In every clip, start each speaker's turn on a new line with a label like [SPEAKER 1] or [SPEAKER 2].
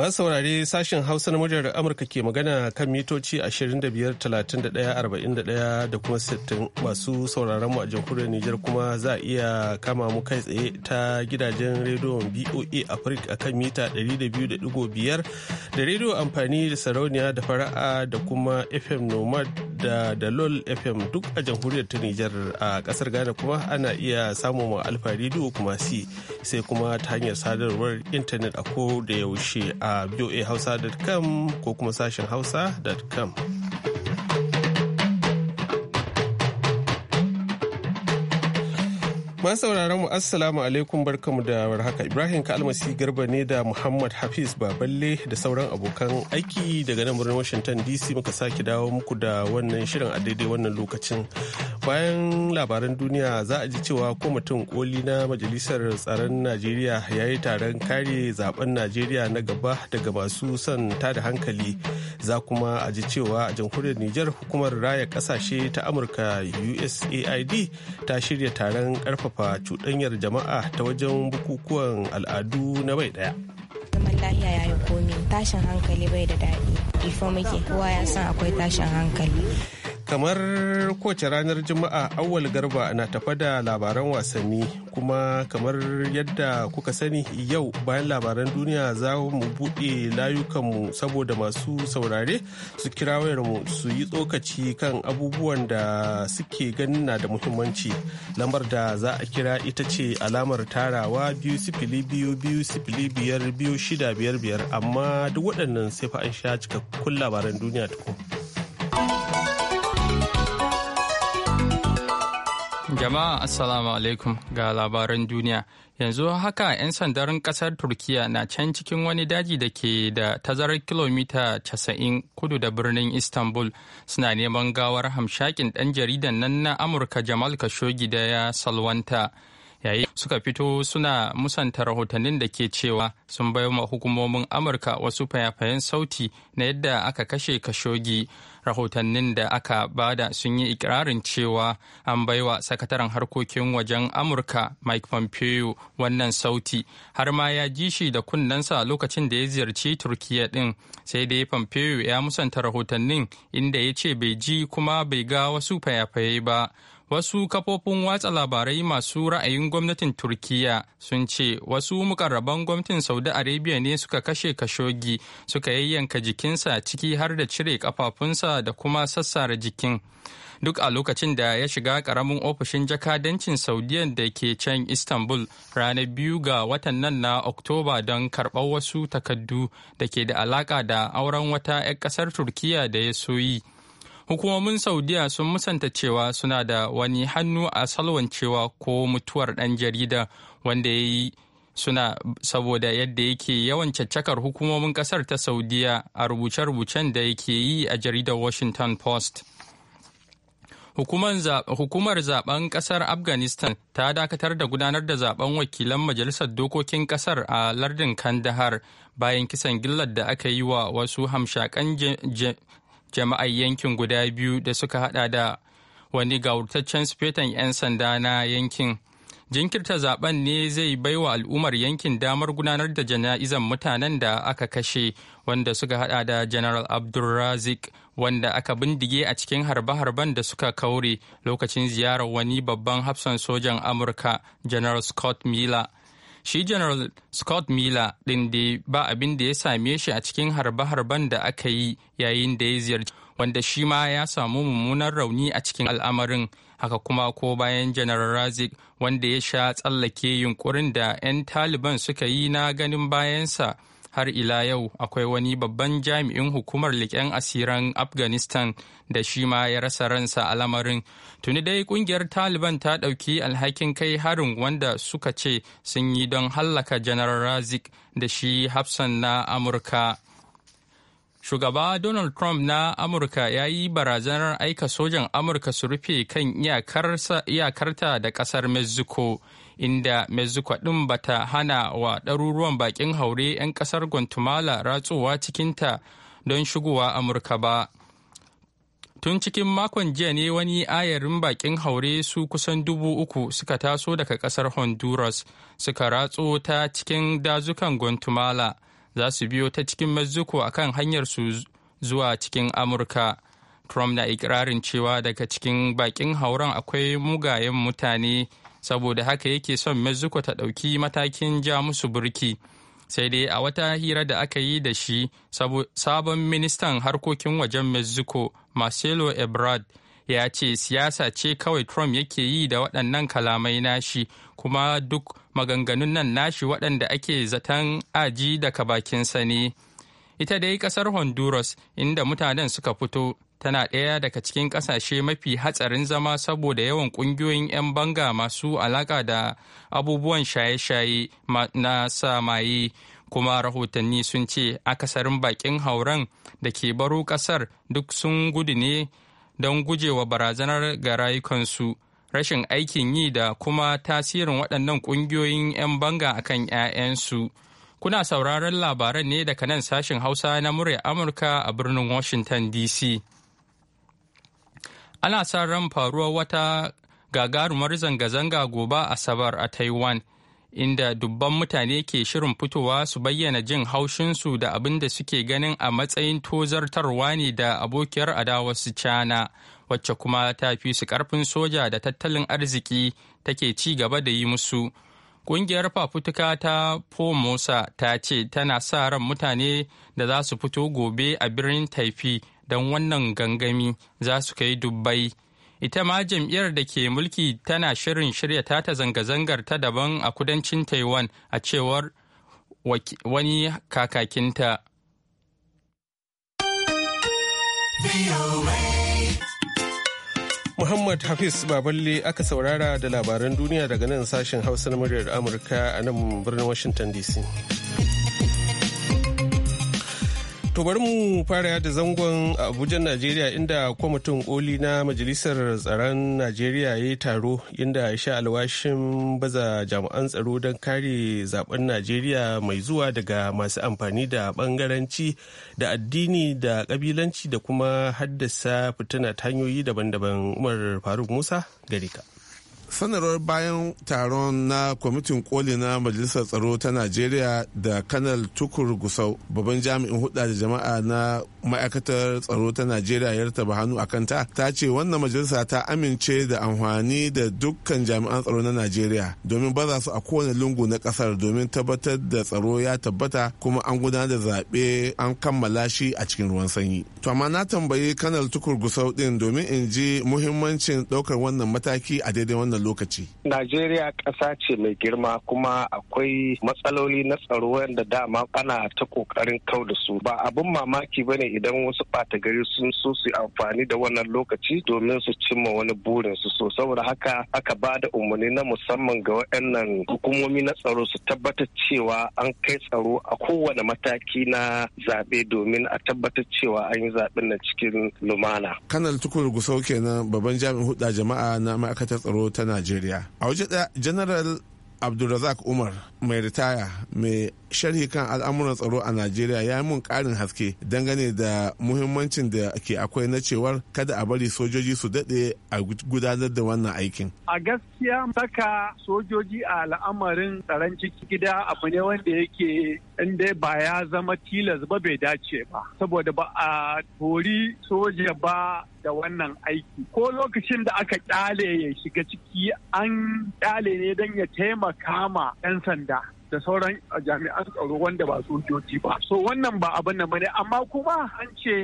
[SPEAKER 1] Masu saurare sashen Hausa na muryar Amurka ke magana kan mitoci 25,31,41 da kuma 60 masu sauraron mu a jamhuriyar Nijar kuma za a iya kama mu kai tsaye ta gidajen rediyon BOA Africa a kan mita 200.5 da rediyo amfani da sarauniya da fara'a da kuma FM Nomad da Dalol FM duk a jamhuriyar ta Nijar a kasar Ghana kuma ana iya samun Alfa rediyo kuma si sai kuma ta hanyar sadarwar intanet a ko da yaushe a a voahausa.com ko kuma sashen hausa.com. Ma sauraron mu assalamu alaikum barkamu da warhaka Ibrahim Kalmasi Garba ne da Muhammad Hafiz Baballe da sauran abokan aiki daga nan birnin Washington DC muka sake dawo muku da wannan shirin a daidai wannan lokacin. Bayan labaran duniya za a ji cewa ko mutum koli na Majalisar Tsaron Najeriya ya yi taron kare zaben Najeriya na gaba daga masu son da hankali. Za kuma a ji cewa a jamhuriyar Nijar hukumar raya kasashe ta Amurka USAID ta shirya taron karfafa ƙarfafa cuɗanyar jama'a ta wajen bukukuwan al'adu na bai ɗaya.
[SPEAKER 2] zaman lahiya ya yi komi tashin hankali bai da daɗi ifo muke kowa ya san akwai tashin hankali
[SPEAKER 1] kamar kowace ranar juma'a awwal garba na tafa da labaran wasanni kuma kamar yadda kuka sani yau bayan labaran duniya za mu buɗe layukanmu saboda masu saurare su kira wayarmu su yi tsokaci kan abubuwan da suke ganin na da muhimmanci lambar da za a kira ita ce alamar tarawa biyu sifili biyu biyu sifili biyar biyu shida biyar biyar amma duk waɗannan sai fa an sha cikakkun labaran duniya tukun.
[SPEAKER 3] Jama'a Assalamu alaikum ga labaran duniya. Yanzu haka 'yan sandarin kasar Turkiya na can cikin wani daji da ke da tazarar kilomita 90 kudu da birnin Istanbul suna neman gawar hamshakin ɗan jaridan nan na Amurka Jamal Khashoggi da ya salwanta. yayin suka fito suna musanta rahotannin da ke cewa sun ma hukumomin amurka wasu fayafayen sauti na yadda aka kashe kashogi rahotannin da aka bada sun yi ikirarin cewa an baiwa sakataren harkokin wajen amurka mike pompeo wannan sauti har ma ya ji shi da kunnensa lokacin da ya ziyarci turkiya din sai dai pompeo ya musanta rahotannin inda ya ce bai ji kuma bai ga wasu fayafaye ba Wasu kafofin watsa labarai masu ra'ayin gwamnatin Turkiyya sun ce wasu mukarraban gwamnatin Saudi Arabia ne suka kashe kashogi suka yayyanka jikinsa ciki har da cire kafafunsa da kuma sassara jikin. Duk a lokacin da ya shiga karamin ofishin jakadancin Saudiyan da ke can Istanbul ranar biyu ga watan nan na Oktoba don karɓar wasu takaddu da ke da alaƙa da auren wata 'yan ƙasar Turkiyya da ya soyi. Hukumomin Saudiya sun musanta cewa suna da wani hannu a salwancewa ko mutuwar ɗan jarida wanda ya yi suna saboda yadda yake yawan caccakar hukumomin ƙasar ta Saudiya a rubuce-rubucen da yake yi a jaridar Washington Post. Hukumar zaben ƙasar Afghanistan ta dakatar da gudanar da zaben wakilan Majalisar Dokokin ƙasar a lardin Kandahar bayan kisan gillar da aka yi wa wasu hamshakan jama'ai yankin guda biyu da suka hada da wani gawurtaccen sufetan 'yan sanda na yankin jinkirta zaben ne zai baiwa al'ummar yankin damar gudanar da jana'izan mutanen da aka kashe wanda suka hada da general abdulrazik wanda aka bindige a cikin harbe-harben da suka kaure lokacin ziyarar wani babban hafsan sojan amurka general scott miller Shi General Scott Miller ɗin da ba abin da ya same shi a cikin harbe-harben da aka yi yayin da ya ziyarci wanda shi ma ya samu mummunan rauni a cikin al'amarin. Haka kuma ko bayan General Razik wanda ya sha tsallake yunkurin da 'yan Taliban suka yi na ganin bayansa. har ila yau akwai wani babban jami'in hukumar liƙen asiran afghanistan da shi ma ya rasa ransa a lamarin tuni dai kungiyar taliban ta ɗauki alhakin kai harin wanda suka ce sun yi don hallaka janar razik da shi hafsan na amurka Shugaba Donald Trump na Amurka ya yi barazanar aika sojan Amurka su rufe kan iyakarta da ƙasar Mexico inda mexico ɗin bata hana wa ɗaruruwan baƙin haure 'yan ƙasar guatemala ratsowa cikinta don shigowa amurka ba tun cikin makon jiya ne wani ayarin bakin haure su kusan dubu uku suka taso daga ƙasar honduras suka ratso ta cikin dazukan guatemala za su biyo ta cikin a kan hanyar su zuwa cikin amurka trump na ikirarin cewa daga cikin bakin hauren akwai mugayen mutane saboda haka yake son mexico ta ɗauki matakin ja musu burki sai dai a wata hira da aka yi da shi sabon ministan harkokin wajen mexico marcelo ebrard ya ce siyasa ce kawai trump yake yi da waɗannan kalamai nashi kuma duk maganganun nan nashi waɗanda ake zaton aji daga bakinsa ne. ita dai kasar honduras inda mutanen suka fito tana ɗaya daga cikin ƙasashe mafi hatsarin zama saboda yawan ƙungiyoyin 'yan banga masu alaƙa da abubuwan shaye-shaye na samaye kuma rahotanni sun ce akasarin bakin hauran da ke baro ƙasar duk sun gudu ne don gujewa barazanar ga rayukansu rashin aikin yi da kuma tasirin waɗannan ƙungiyoyin 'yan banga akan 'ya'yansu. Kuna sauraron labaran ne daga nan sashen Hausa na murya Amurka a birnin Washington DC. Ana sa ran faruwar wata gagarumar zanga-zanga gobe Asabar a Taiwan, inda dubban mutane ke shirin fitowa su bayyana jin haushinsu da abin da suke ganin a matsayin tozartarwa ne da abokiyar adawarsu cana wacce kuma ta fi su karfin soja da tattalin arziki take ci gaba da yi musu. Ƙungiyar fafutuka ta pomosa ta ce tana sa ran mutane da za su fito gobe a birnin Taifi don wannan gangami za su kai dubbai. Ita ma jam'iyyar da ke mulki tana shirin shirya tata zanga-zangar ta daban a kudancin Taiwan a cewar wani kakakinta.
[SPEAKER 1] Muhammad Hafiz Baballe aka saurara da labaran duniya daga nan sashen Hausa na muryar Amurka a nan birnin Washington DC. To bari mu fara da zangon Abuja Najeriya inda kwamitin koli na Majalisar Tsaron Najeriya ya yi taro inda ya sha alwashin baza jami'an tsaro don kare zaben Najeriya mai zuwa daga masu amfani da bangaranci da addini da kabilanci da kuma haddasa fitina ta hanyoyi daban-daban Umar Faruk Musa gari
[SPEAKER 4] sanarwar bayan taron na kwamitin koli na majalisar tsaro ta najeriya da kanal tukur gusau babban jami'in hudda da jama'a na ma'aikatar tsaro ta najeriya ya rataba hannu a kanta ta ce wannan majalisa ta amince da amfani da dukkan jami'an tsaro na najeriya domin baza su a kowane lungu na kasar domin tabbatar da tsaro ya tabbata kuma an gudanar da zaɓe an kammala shi a cikin ruwan sanyi to amma na tambayi kanal tukur gusau din domin in ji muhimmancin ɗaukar wannan mataki a daidai wannan wannan lokaci?
[SPEAKER 5] Najeriya ƙasa ce mai girma kuma akwai matsaloli na tsaro wanda dama ana ta ƙoƙarin kau da su. Ba abin mamaki bane idan wasu ɓata gari sun so su amfani da wannan lokaci domin su cimma wani burin su so saboda haka aka ba da umarni na musamman ga waɗannan hukumomi na tsaro su tabbatar cewa an kai tsaro a kowane mataki na zaɓe domin a tabbatar cewa an yi zaɓen na cikin lumana.
[SPEAKER 4] Kanal Tukur Gusau kenan babban jami'in huɗa jama'a na ma'aikatar tsaro ta najeriya a waje da general abdulrazak umar mai ritaya mai sharhi kan al'amuran tsaro a najeriya ya yi mun karin haske dangane da muhimmancin da ke akwai na cewar kada a bari sojoji su daɗe a gudanar da wannan aikin
[SPEAKER 6] a gaskiya saka sojoji a al'amarin tsaron ciki gida abu ne wanda yake inda ba ya zama tilas ba bai dace ba saboda ba a tori soja ba da wannan aiki ko lokacin da aka kyale ya shiga ciki an kyale ne don ya taimaka ma 'yan sanda da sauran jami'an tsaro wanda ba sojoji ba so wannan ba abin nan bane amma kuma an ce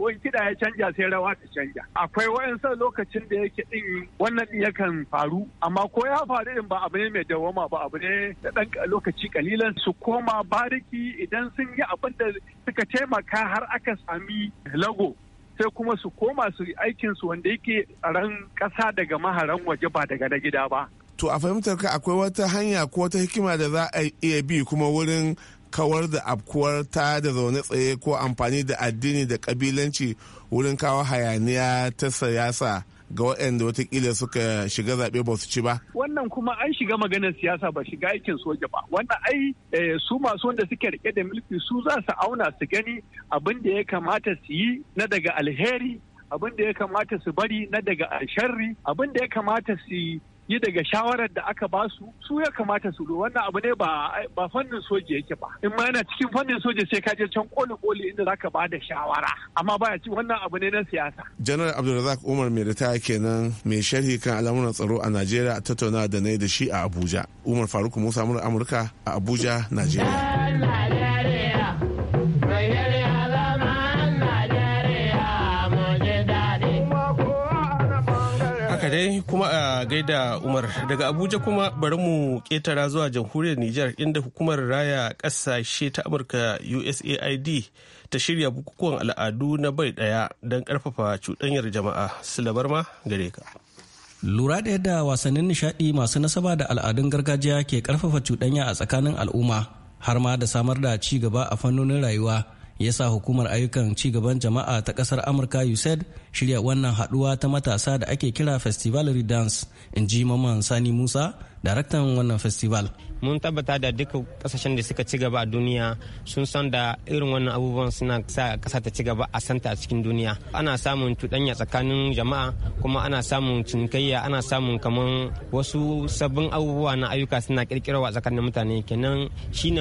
[SPEAKER 6] ko kiɗa ya canja sai rawa ta canja akwai wayansa lokacin da yake din wannan yakan faru amma ko ya faru din ba abu ne mai dawama ba abu ne da dan lokaci kalilan su koma bariki idan sun yi abin da suka taimaka har aka sami lago sai kuma su koma su aikinsu wanda yake tsaron ƙasa daga maharan waje ba daga na gida ba
[SPEAKER 4] to a fahimtar ka akwai wata hanya ko wata hikima da za a iya bi kuma wurin kawar da abkuwar ta da zaune tsaye ko amfani da addini da kabilanci wurin kawo hayaniya ta siyasa ga waɗanda watakila suka shiga zaɓe ba su ci ba.
[SPEAKER 6] Wannan kuma an shiga maganar siyasa ba shiga aikin soja ba. Wannan ai eh, su masu wanda suke rike da mulki su za su auna su gani abin da ya kamata su yi na daga alheri abin da ya kamata su bari na daga alsharri abin da ya kamata su yi daga shawarar da aka ba su su ya kamata su wannan abu ne ba fannin soja yake ba in ma yana cikin fannin soja sai ka je can koli koli inda zaka ba da shawara amma baya ci wannan abu ne na siyasa
[SPEAKER 4] janar abdulrazak umar mai ritaya kenan mai sharhi kan al'amuran tsaro a najeriya a tattauna da na da shi a abuja umar faruk musa murar amurka a abuja najeriya
[SPEAKER 1] kuma a gaida Umar daga Abuja kuma bari mu ketara zuwa jamhuriyar niger inda hukumar raya kasashe ta Amurka USAID ta shirya bukukuwan al'adu na bai daya don karfafa cuɗanyar jama'a. Silabar ma gare ka. Lura
[SPEAKER 2] da yadda wasannin nishadi masu nasaba da al'adun gargajiya ke ƙarfafa cuɗanya a tsakanin al'umma har ma da samar da ci gaba a fannonin rayuwa ya sa hukumar ayyukan cigaban jama'a ta kasar amurka usaid shirya wannan haduwa ta matasa da ake kira festival redance in ji maman sani musa daraktan wannan festival
[SPEAKER 7] mun tabbata da duka kasashen da suka ci gaba a duniya sun san da irin wannan abubuwan suna sa kasa ta ci gaba a santa a cikin duniya ana samun cuɗanya tsakanin jama'a kuma ana samun cinikayya ana samun kamar wasu sabbin abubuwa na ayyuka suna kirkirawa tsakanin mutane kenan shine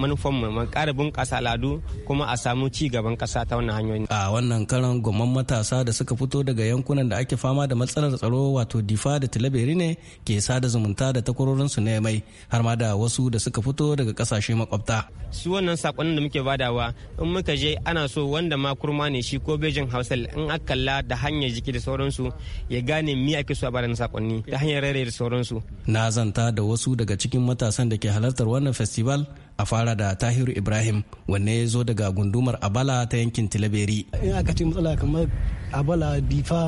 [SPEAKER 7] manufan mu ƙara bunƙasa al'adu kuma a samu ci gaban ƙasa ta wannan hanyoyi
[SPEAKER 2] a wannan karan gwamman matasa da suka fito daga yankunan da ake fama da matsalar tsaro wato difa da tilaberi ne ke sada zumunta da takwarorinsu na mai har kama da wasu da suka fito daga kasashe makwabta
[SPEAKER 7] su wannan sakonnin da muke badawa in muka je ana so wanda ma kurma ne shi ko bejin hausa in aka kalla da hanyar jiki da sauransu ya gane mi ake so a bada sakonni ta hanyar rere
[SPEAKER 2] da sauransu na zanta da wasu daga cikin matasan da ke halartar wannan festival a fara da tahiru ibrahim wanne ya zo daga gundumar abala ta yankin tilaberi in aka ce matsala kamar abala difa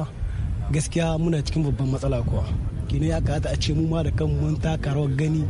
[SPEAKER 2] gaskiya muna cikin babban matsala kuwa kine ya kata a ce mu ma da kan mun taka rawar gani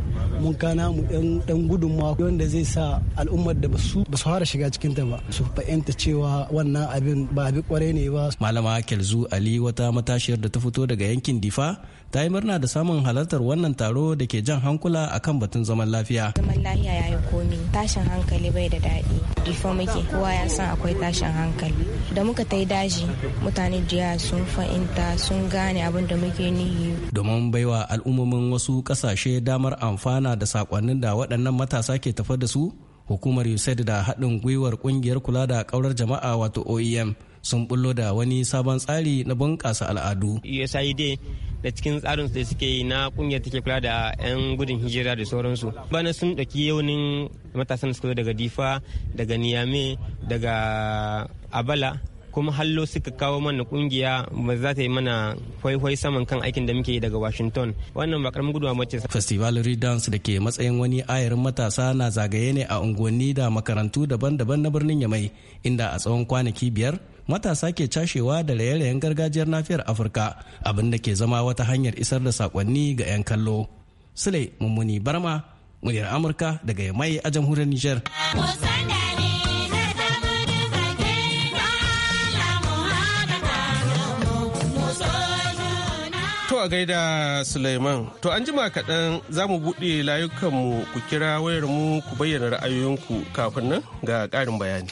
[SPEAKER 2] mun kana mu dan gudunmawa wanda zai sa al'ummar da basu basu fara shiga cikin ta ba su fahimta cewa wannan abin ba abin kwarai ne ba malama kelzu ali wata matashiyar da ta fito daga yankin difa ta yi murna da samun halartar wannan taro da ke jan hankula akan batun zaman lafiya zaman lafiya yayi komi tashin hankali bai da daɗi difa muke kowa ya san akwai tashin hankali da muka ta yi daji mutane jiya sun fahimta sun gane abin da muke nihi domin baiwa al'ummomin wasu kasashe damar amfana da sakonnin da waɗannan matasa ke tafar da su hukumar usaid da haɗin gwiwar ƙungiyar kula da ƙaurar jama'a wato oem sun bullo da wani sabon tsari na bunƙasa al'adu.
[SPEAKER 7] USAID da cikin tsarin da suke yi na kungiyar take kula da 'yan gudun hijira da sauransu bana sun ɗauki yaunin matasan suka daga difa daga niyame daga abala kuma hallo suka kawo mana kungiya ba za ta yi mana kwaikwai saman kan aikin da muke daga washington
[SPEAKER 2] wannan ba karamin gudunmawa bace festival dance da ke matsayin wani ayarin matasa na zagaye ne a unguwanni da makarantu daban-daban na birnin yamai inda a tsawon kwanaki biyar matasa ke cashewa da raye gargajiyar nafiyar afirka abinda ke zama wata hanyar isar da sakonni ga 'yan kallo sule mummuni barma muryar amurka daga yamai a jamhuriyar niger
[SPEAKER 1] a gaida Suleiman. To an jima kaɗan za mu buɗe layukanmu ku kira wayarmu ku bayyana ra'ayoyinku kafin nan ga ƙarin bayani.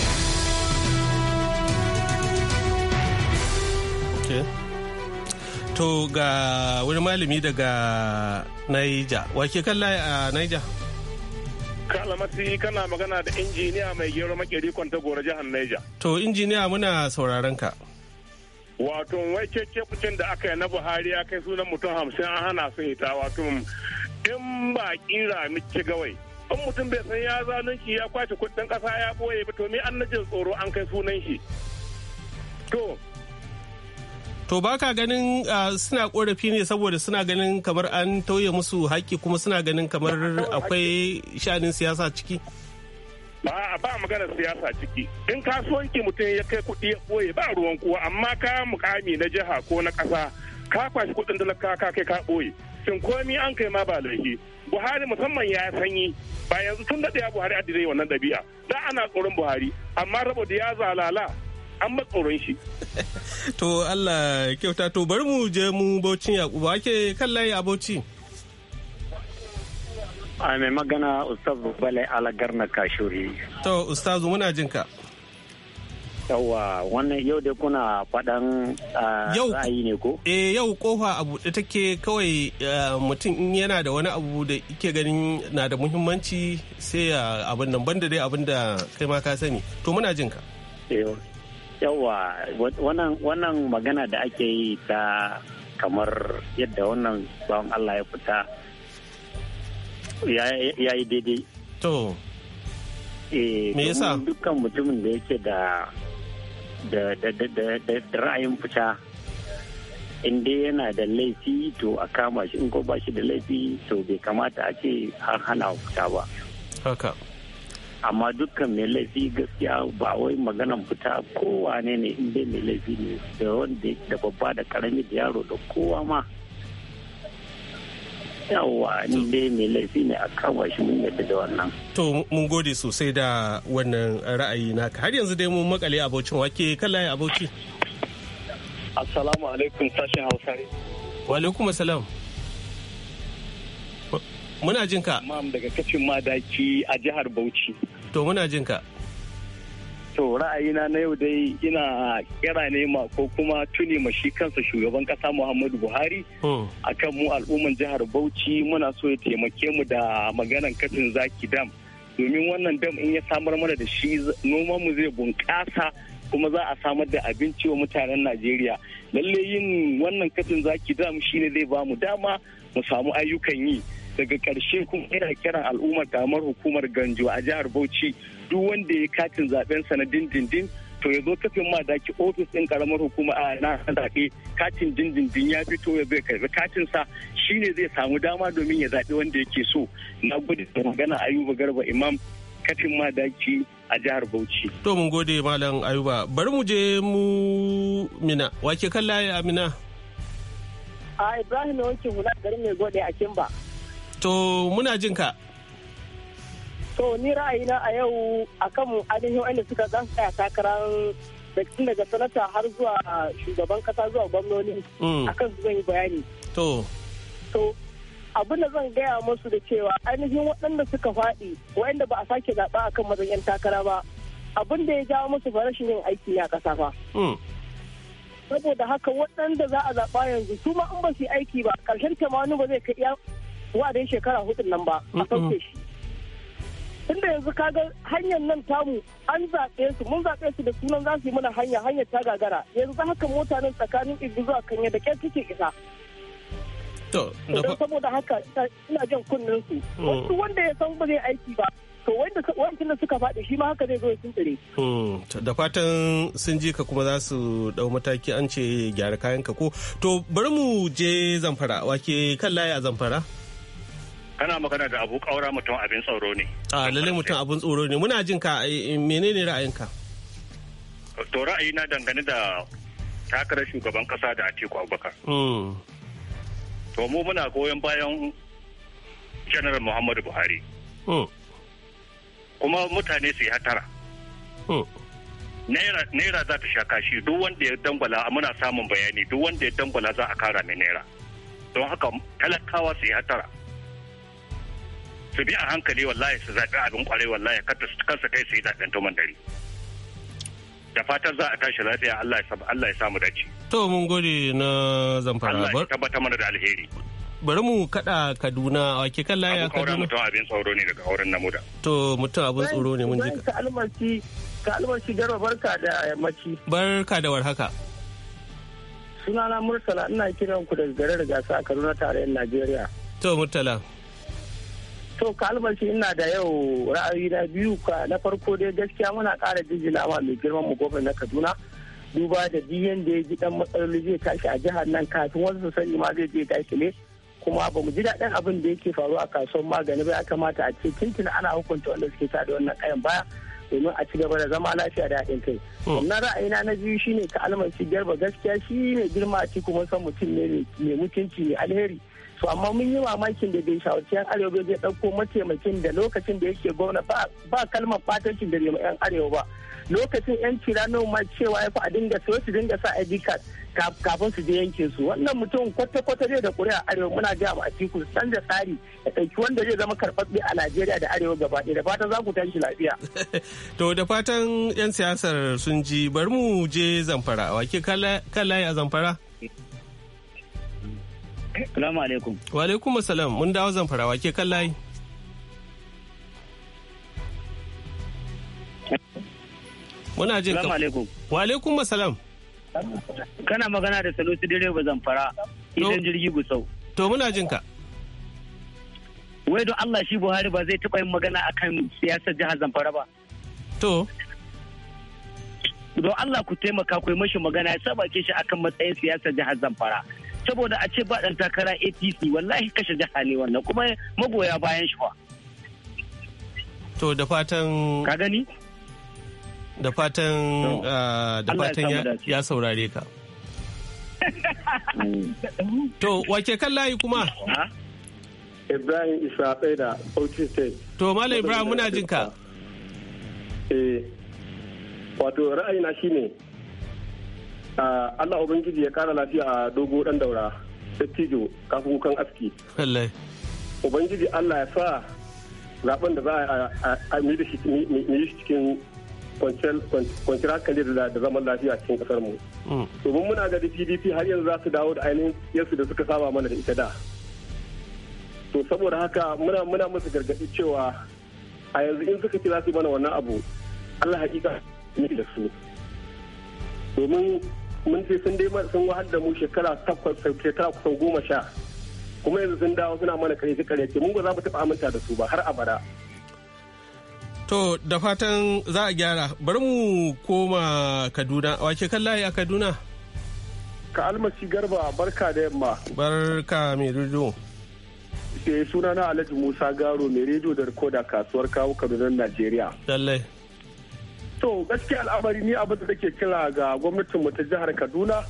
[SPEAKER 1] to ga wani malami daga naija wake kan layi a naija
[SPEAKER 5] kalamati kana magana da injiniya mai gero makeri kwanta gora jihar naija
[SPEAKER 1] to injiniya muna sauraron ka
[SPEAKER 5] wato wai cece da aka yi na buhari ya kai sunan mutum hamsin an hana sun ita wato in ba kira mice gawai in mutum bai san ya shi ya kwace kudin kasa ya boye ba to me an tsoro an kai sunan shi to
[SPEAKER 1] To baka ganin suna korafi ne saboda suna ganin kamar an tauye musu haƙƙi kuma suna ganin kamar akwai shanin siyasa ciki?
[SPEAKER 5] Ba a ba magana siyasa ciki. In kasuwanci mutum ya kai kuɗi ya ɓoye ba ruwan kuwa amma ka mukami na jiha ko na ƙasa ka kwashi kuɗin da ka kai ka ɓoye. Shin komi an kai ma ba laifi. Buhari musamman ya sanyi ba yanzu tun daɗe Buhari a wannan ɗabi'a. Da ana tsoron Buhari amma saboda ya zalala an
[SPEAKER 8] matsoron shi
[SPEAKER 1] to Allah kyauta to bari mu je mu baucin yakubu ake kan layi a
[SPEAKER 8] a mai magana ustazu bale alagar na kashuri to ustazu muna jin ka yawa wannan yau da kuna faɗan ah, ra'ayi ne ko eh yau kofa abu da take
[SPEAKER 1] kawai eh, mutum in yana da wani abu da ke ganin na da muhimmanci sai abin nan banda dai abin da kai ma ka sani to muna jin ka
[SPEAKER 8] eh, yawa wannan magana da ake yi ta kamar yadda wannan bawan allah ya fita ya yi daidai to eh, me yasa dukkan mutumin da yake da da ra'ayin fita in yana da laifi to a kama shi in ko ba shi da laifi to bai kamata a ce har hana fita ba haka amma dukkan mai laifi gaskiya ba wai maganan fita kowa ne ne in dai mai laifi ne da wanda da babba da karami da yaro da kowa ma yawa ni dai mai laifi ne a kawo shi mun yadda da wannan.
[SPEAKER 1] To mun gode sosai da wannan ra'ayi naka har yanzu dai mun makale abocin wake kala layi aboci.
[SPEAKER 5] Assalamu alaikum sashen Hausa.
[SPEAKER 1] Wa alaikum assalam.
[SPEAKER 9] Muna jin ka. Mam daga kacin madaki a jihar Bauchi.
[SPEAKER 1] To muna jin ka.
[SPEAKER 9] To ra'ayina na yau dai ina kira ne ko kuma tuni ma shi kansa shugaban kasa Muhammadu Buhari hmm. a kan mu al'umman jihar Bauchi muna so ya taimake mu da maganan katin zaki dam. Domin wannan dam in ya samar mana da shi noman mu zai bunƙasa kuma za a samar da abinci wa mutanen Najeriya. Lalle yin wannan katin zaki dam shine zai ba mu dama mu samu ayyukan yi. daga ƙarshe kuma yana kiran al'ummar kamar hukumar ganjo a jihar bauchi duk wanda ya katin zaben sa na dindindin to ya zo kafin ma daki ofis din karamar hukuma a na zaɓe katin dindindin ya fito ya zai karbi katin sa shine zai samu dama domin ya zaɓi wanda yake so na gode da magana ayuba garba imam kafin
[SPEAKER 1] ma daki a jihar bauchi to mun gode malam ayuba bari mu je mu mina wake kan laye amina
[SPEAKER 9] a ibrahim wankin hula garin mai gode a kimba
[SPEAKER 1] To muna jin ka.
[SPEAKER 9] To ni ra'ayina a yau akan ainihin wanda suka zan tsaya takarar daga sanata har zuwa shugaban kasa zuwa gwamnoni mm. akan su zan yi bayani. To. To abin da zan gaya masu da cewa ainihin waɗanda suka faɗi waɗanda ba a sake zaɓa akan matsayin takara ba abin da ya jawo musu ba rashin yin aiki a ƙasa fa. Mm. Saboda haka waɗanda za a zaɓa yanzu su ma in ba su yi aiki ba ƙarshen ta ba zai kai wa dai shekara hudun nan ba a sauke shi inda yanzu kaga hanyar nan tamu an zaɓe su mun zaɓe su da sunan za su yi mana hanya hanyar ta gagara yanzu haka mota nan tsakanin ibi zuwa kanya da ƙyar kike isa to saboda haka ina jan kunnen su wasu mm. wanda ya san ba zai aiki ba to wanda wancan da suka faɗi shi ma haka zai zo ya tsire.
[SPEAKER 1] Mm. da fatan sun ji ka kuma za su dau mataki an ce gyara kayan ka ko to bari mu je zamfara wake kan layi a zamfara.
[SPEAKER 5] kana magana da abu kaura mutum abin tsoro ne
[SPEAKER 1] a lalle mutum abin tsoro ne muna jin ka eh, eh, menene ra'ayinka
[SPEAKER 5] to na dangane da takarar shugaban kasa da atiku abubakar hmm. to mu muna goyon bayan General muhammadu buhari hmm. kuma mutane su yi hatara hmm. naira za ta sha kashi duk wanda ya dangwala muna samun bayani duk wanda ya dangwala za a kara mai naira don haka talakawa su yi hatara su bi a hankali wallahi su zaɓi abin kwarai wallahi kansa kai su yi zaɓen tuman dare da fatan za a tashi lafiya Allah ya Allah ya samu dace
[SPEAKER 1] to mun gode na zamfara Allah ya
[SPEAKER 5] tabbata mana da alheri
[SPEAKER 1] bari mu kada Kaduna a ke kan laya Kaduna mutum abin tsoro ne daga auren namuda to mutum abin tsoro ne mun ji
[SPEAKER 9] ka almarci ka almarci garba barka da yammaci
[SPEAKER 1] barka da warhaka
[SPEAKER 9] sunana Murtala ina kiran ku daga gare daga a Kaduna tarayyar Najeriya to Murtala to kalmashi ina da yau ra'ayi na biyu na farko dai gaskiya muna kara jijjina ma mai girman mu na kaduna duba da biyan da ya ji dan matsaloli zai tashi a jihar nan kafin wasu su sani ma zai je tashi ne kuma ba mu ji daɗin abin da yake faru a kasuwar magani ba ya kamata a ce tintin ana hukunta wanda suke sa da wannan kayan baya domin a ci gaba da zama lafiya da haɗin kai. Hmm. na ra'ayina na biyu shine ka almasi garba gaskiya shi ne girma a ci kuma san mutum ne mai mutunci mai alheri. to amma mun yi mamakin da bai shawarci yan arewa zai ɗauko mataimakin da lokacin da yake gwamna ba kalmar fatancin da bai yan arewa ba lokacin yan tirano ma cewa ya fi a dinga sai su dinga sa id card kafin su je yanke su wannan mutum kwata-kwata zai da kuri'a arewa muna ga wa atiku. tiku canza tsari ya ɗauki wanda zai zama karɓaɓɓe a najeriya da arewa gaba ɗaya da fatan za ku tashi lafiya.
[SPEAKER 1] to da fatan yan siyasar sun ji bari mu je zamfara wa ke kala a zamfara. Salamu alaikum. Wa alaikum salam mun dawo zamfarawa ke kan layi. Muna jin ka. Salamu alaikum. Wa alaikum salam.
[SPEAKER 9] Kana magana da ba direba fara idan jirgi gusau. To muna jin ka. Wai don Allah shi Buhari ba zai taɓa yin magana akan siyasar jihar Zamfara ba. To. Don Allah ku taimaka ku yi mashi magana ya saba ke shi akan matsayin siyasar jihar Zamfara. saboda a ce ba takara APC wallahi kashe jiha ne wannan kuma magoya bayan shi
[SPEAKER 1] To da fatan ka gani? Da fatan uh, da fatan ya saurare ka. To wake kan layi kuma? Ibrahim Isa ɗaya da Bauchi State. To Malam Ibrahim muna jinka.
[SPEAKER 5] Eh, wato ra'ayina shine Ah, Allah Ubangiji ya kara lafiya a dogo dan daura dattijo kafin kukan aski. Wallahi. Ubangiji Allah ya sa zaben da za a yi da shi cikin kwanciyar hankali da zaman lafiya cikin kasar mu. Mm. Domin muna gari PDP har yanzu za su dawo da ainihin yansu da suka saba mana da ita da. To saboda haka muna muna musu gargaɗi cewa a yanzu in suka ci za su mana wannan abu Allah hakika ne da su. Domin mun ce sun dai sun wahal da mu shekara takwas shekara kusan goma sha kuma yanzu sun dawo suna mana karyace ce mun ba za mu taɓa aminta da su ba har abada.
[SPEAKER 1] To da fatan za a gyara bari mu koma Kaduna wake kan layi a Kaduna.
[SPEAKER 5] Ka almasi garba barka da yamma.
[SPEAKER 1] Barka mai rido.
[SPEAKER 5] Sai eh, suna na Alhaji Musa Garo mai rediyo da rikoda kasuwar kawo Kaduna Najeriya. Lallai. To gaskiya al'amari ni abin da take kira ga gwamnatinmu ta jihar Kaduna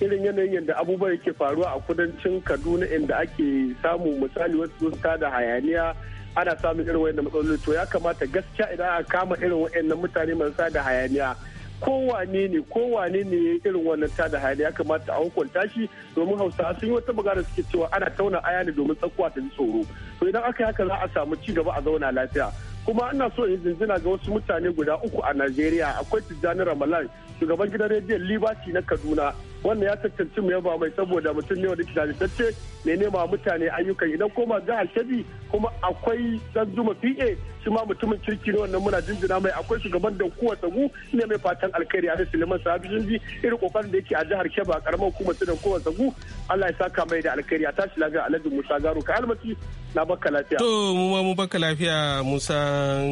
[SPEAKER 5] irin yanayin yadda abubuwa yake faruwa a kudancin Kaduna inda ake samu misali wasu ta da hayaniya ana samun irin wayannan matsaloli to ya kamata gaskiya idan aka kama irin wayannan mutane marasa da hayaniya kowane ne kowane ne irin wannan tada hayani ya kamata a hukunta shi domin hausa sun yi wata da suke cewa ana tauna aya ne domin tsakuwa ta ji tsoro to idan aka yi haka za a samu ci gaba a zauna lafiya kuma ina so in zinzina ga wasu mutane guda uku a najeriya akwai tijjani ramalan shugaban gidan rediyon liberty na kaduna wannan ya tantance mu yaba mai saboda mutum ne wanda jajirtacce ne nema mutane ayyukan idan koma jihar Kebbi kuma akwai dan zuma PA shi ma mutumin kirki ne wannan muna jinjina mai akwai shugaban da kuwa sagu ne mai fatan alkhairi a liman Sahabi Jinji irin kokarin da yake a jihar Kebbi a karamar hukumar su kuwa kowa Allah ya saka mai da alkhairi a tashi lafiya Alhaji Musa Garo ka almasi na baka lafiya.
[SPEAKER 1] To mu ma mu baka lafiya Musa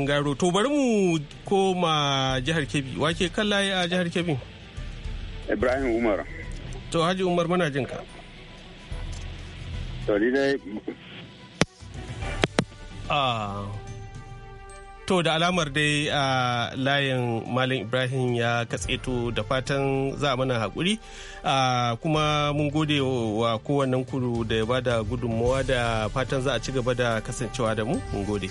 [SPEAKER 1] Garo to bari mu koma jihar Kebbi wake kallaye a jihar Kebbi.
[SPEAKER 8] Ibrahim Umar.
[SPEAKER 1] To Haji Umar muna jin To ni dai ah. To da alamar dai a layin Malam Ibrahim ya katseto da fatan za mana haƙuri kuma mun gode wa kowannen kuru da ya bada gudunmawa da fatan za a ci gaba da kasancewa da mu mun gode.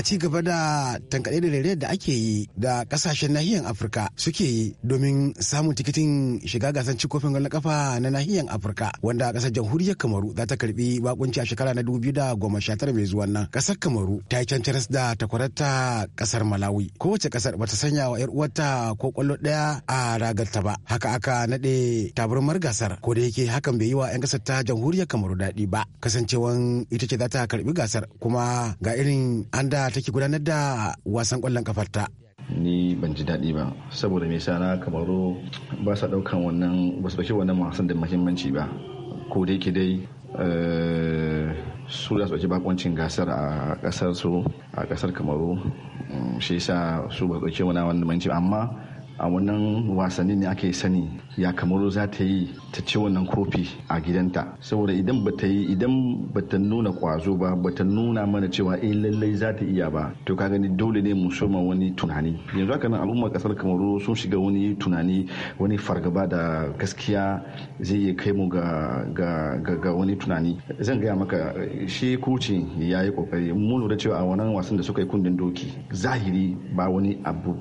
[SPEAKER 1] a ci gaba da
[SPEAKER 9] tankaɗe da rere da ake yi da ƙasashen nahiyar afirka suke yi domin samun tikitin shiga gasar ci kofin na kafa na nahiyar afirka wanda ƙasar jamhuriyar kamaru za ta karbi bakunci a shekara na dubu da goma sha tara mai zuwan nan ƙasar kamaru ta yi cancaras da takwararta ƙasar malawi kowace ƙasar bata sanya wa 'yar uwarta ko kwallo ɗaya a ragarta ba haka aka naɗe tabarmar gasar ko da yake hakan bai yi wa 'yan ƙasar ta jamhuriyar kamaru daɗi ba kasancewan ita ce za ta karbi gasar kuma ga irin an da take gudanar da
[SPEAKER 10] wasan kwallon kafarta. ni ban ji daɗi ba saboda me yasa na kamaru ba sa ɗaukan wannan ba su ɗauki wannan wasan da muhimmanci ba ko dai ke eh, dai su da su ɗauki bakoncin gasar a ƙasar su a ƙasar kamaru mm, shi yasa su ba su ɗauki wannan wannan muhimmanci amma a wannan wasanni ne ake sani ya kamaru za ta yi ta ci wannan kofi a gidanta saboda idan ba ta yi idan ba nuna kwazo ba ba ta nuna mana cewa eh lallai za ta iya ba to ka gani dole ne mu soma wani tunani yanzu haka nan al'ummar kasar kamaru sun shiga wani tunani wani fargaba da gaskiya zai iya kai mu ga ga ga wani tunani zan gaya maka shi kuci ya yi kokari mun lura cewa a wannan wasan da suka yi kundin doki zahiri ba wani abu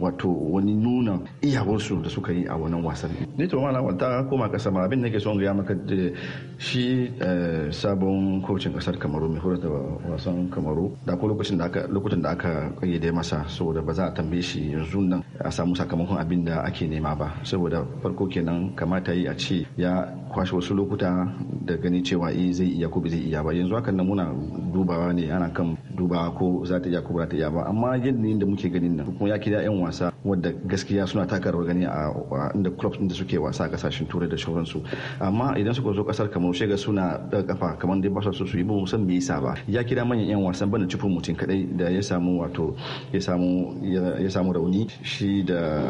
[SPEAKER 10] wato wani nuna iyawarsu da suka yi a wannan wasan ni to na wata koma kasa ma abin ke son ga maka da eh, shi eh, sabon kocin kasar kamaru mai horar da wasan kamaru da ko lokacin da aka lokutan da aka kayyade masa saboda ba za a tambaye shi yanzu nan a samu sakamakon abin da ake nema ba saboda farko kenan kamata yi a ce ya kwashe wasu lokuta da gani cewa eh zai iya ko zai iya ba yanzu hakan nan muna dubawa ne ana kan dubawa ko za ta iya ko ba ta iya ba amma yadda da muke ganin nan kuma ya gida 'yan wasa wadda gaskiya suna taka rawar gani a inda clubs da suke wasa a kasashen turai da shauransu amma idan suka zo kasar kamar shega suna daga kafa kamar dai ba su yi ba san me yasa ba ya kira manyan 'yan wasan bana cikin mutum kadai da ya samu wato ya samu ya samu rauni shi da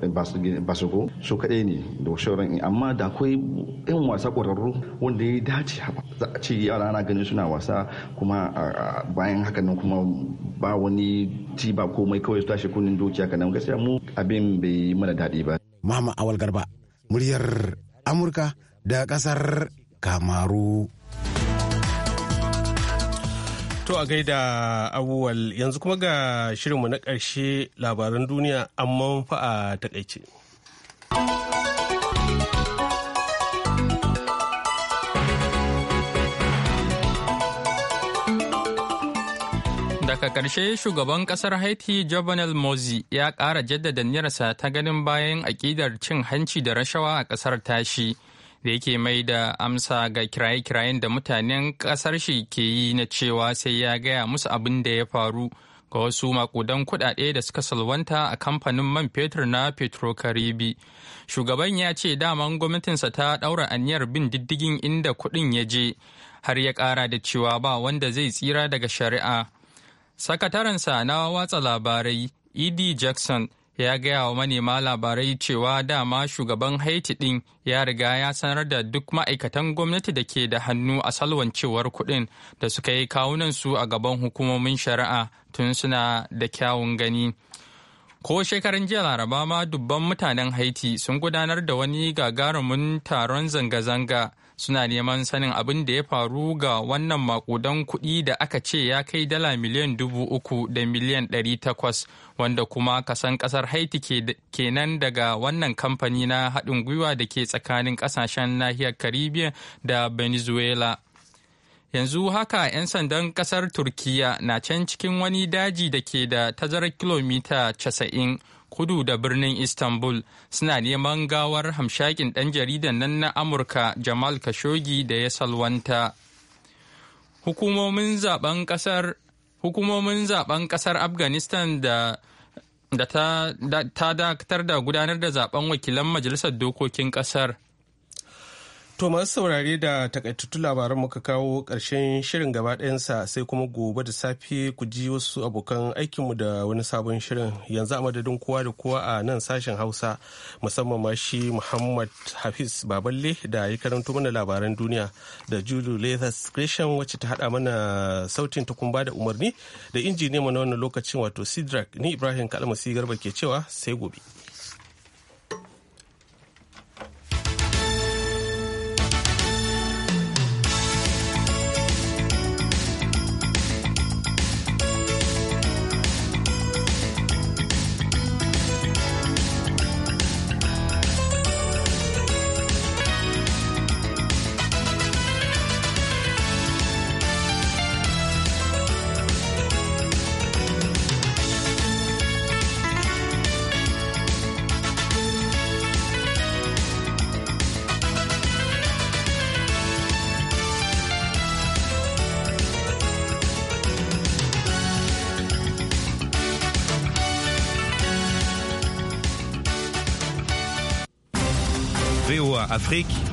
[SPEAKER 10] eh, basugo su kadai ne da shauran amma da akwai 'yan wasa kwararru wanda ya dace za a ce yara ana ganin suna wasa kuma bayan hakan nan kuma ba wani ci ba komai kawai su tashi kunin dukiya kanan gaskiya mu abin bai yi mana daɗi ba. Mama Awal Garba muryar Amurka da
[SPEAKER 9] ƙasar Kamaru.
[SPEAKER 1] To a gaida abubuwal yanzu kuma ga shirinmu na ƙarshe labaran duniya amma fa ta takaice.
[SPEAKER 3] Daga ƙarshe shugaban ƙasar Haiti Jovenel Mozi ya ƙara jaddada niyarsa ta ganin bayan aƙidar cin hanci da rashawa a ƙasar tashi da yake mai da amsa ga kiraye-kirayen da mutanen ƙasar shi ke yi na cewa sai ya gaya musu abin da ya faru ga wasu makudan kuɗaɗe da suka salwanta a kamfanin man fetur na petro karibi Shugaban ya ce daman gwamnatinsa ta ɗaura aniyar bin diddigin inda kuɗin ya je har ya ƙara da cewa ba wanda zai tsira daga shari'a. Sakatarensa na watsa labarai Ed Jackson ya gaya wa manema labarai cewa dama shugaban Haiti ɗin ya riga ya sanar da duk ma'aikatan gwamnati da ke da hannu a salwancewar kuɗin da suka yi kawunansu a gaban hukumomin shari'a tun suna da kyawun gani. Ko shekaran jiya laraba ma dubban mutanen Haiti sun gudanar da wani gagarumin taron zanga-zanga. suna neman sanin abin da ya faru ga wannan makudan kuɗi da aka ce ya kai dala miliyan dubu uku da miliyan ɗari takwas wanda kuma kasan ƙasar haiti kenan daga wannan kamfani na haɗin gwiwa da ke tsakanin ƙasashen nahiyar caribbean da venezuela yanzu haka 'yan sandan kasar turkiya na can cikin wani daji da ke da tazarar kilomita 90 kudu da birnin Istanbul suna neman gawar hamshakin ɗan jaridan nan na Amurka Jamal Khashoggi da ya salwanta. Hukumomin zaben ƙasar Afghanistan da da ta dakatar da gudanar da zaben wakilan majalisar dokokin kasar
[SPEAKER 1] To masu saurare da takaitattun labaran muka kawo ƙarshen shirin gaba ɗayansa sai kuma gobe da safe ku ji wasu abokan aikinmu da wani sabon shirin yanzu a madadin kowa da kowa a nan sashen Hausa musamman ma shi Muhammad Hafiz Baballe da ya karanto mana labaran duniya da julu Lathas Gresham wacce ta haɗa mana sautin ta da umarni da injiniya mana wannan lokacin wato Sidrak ni Ibrahim Kalmasi Garba ke cewa sai gobe. Afrique,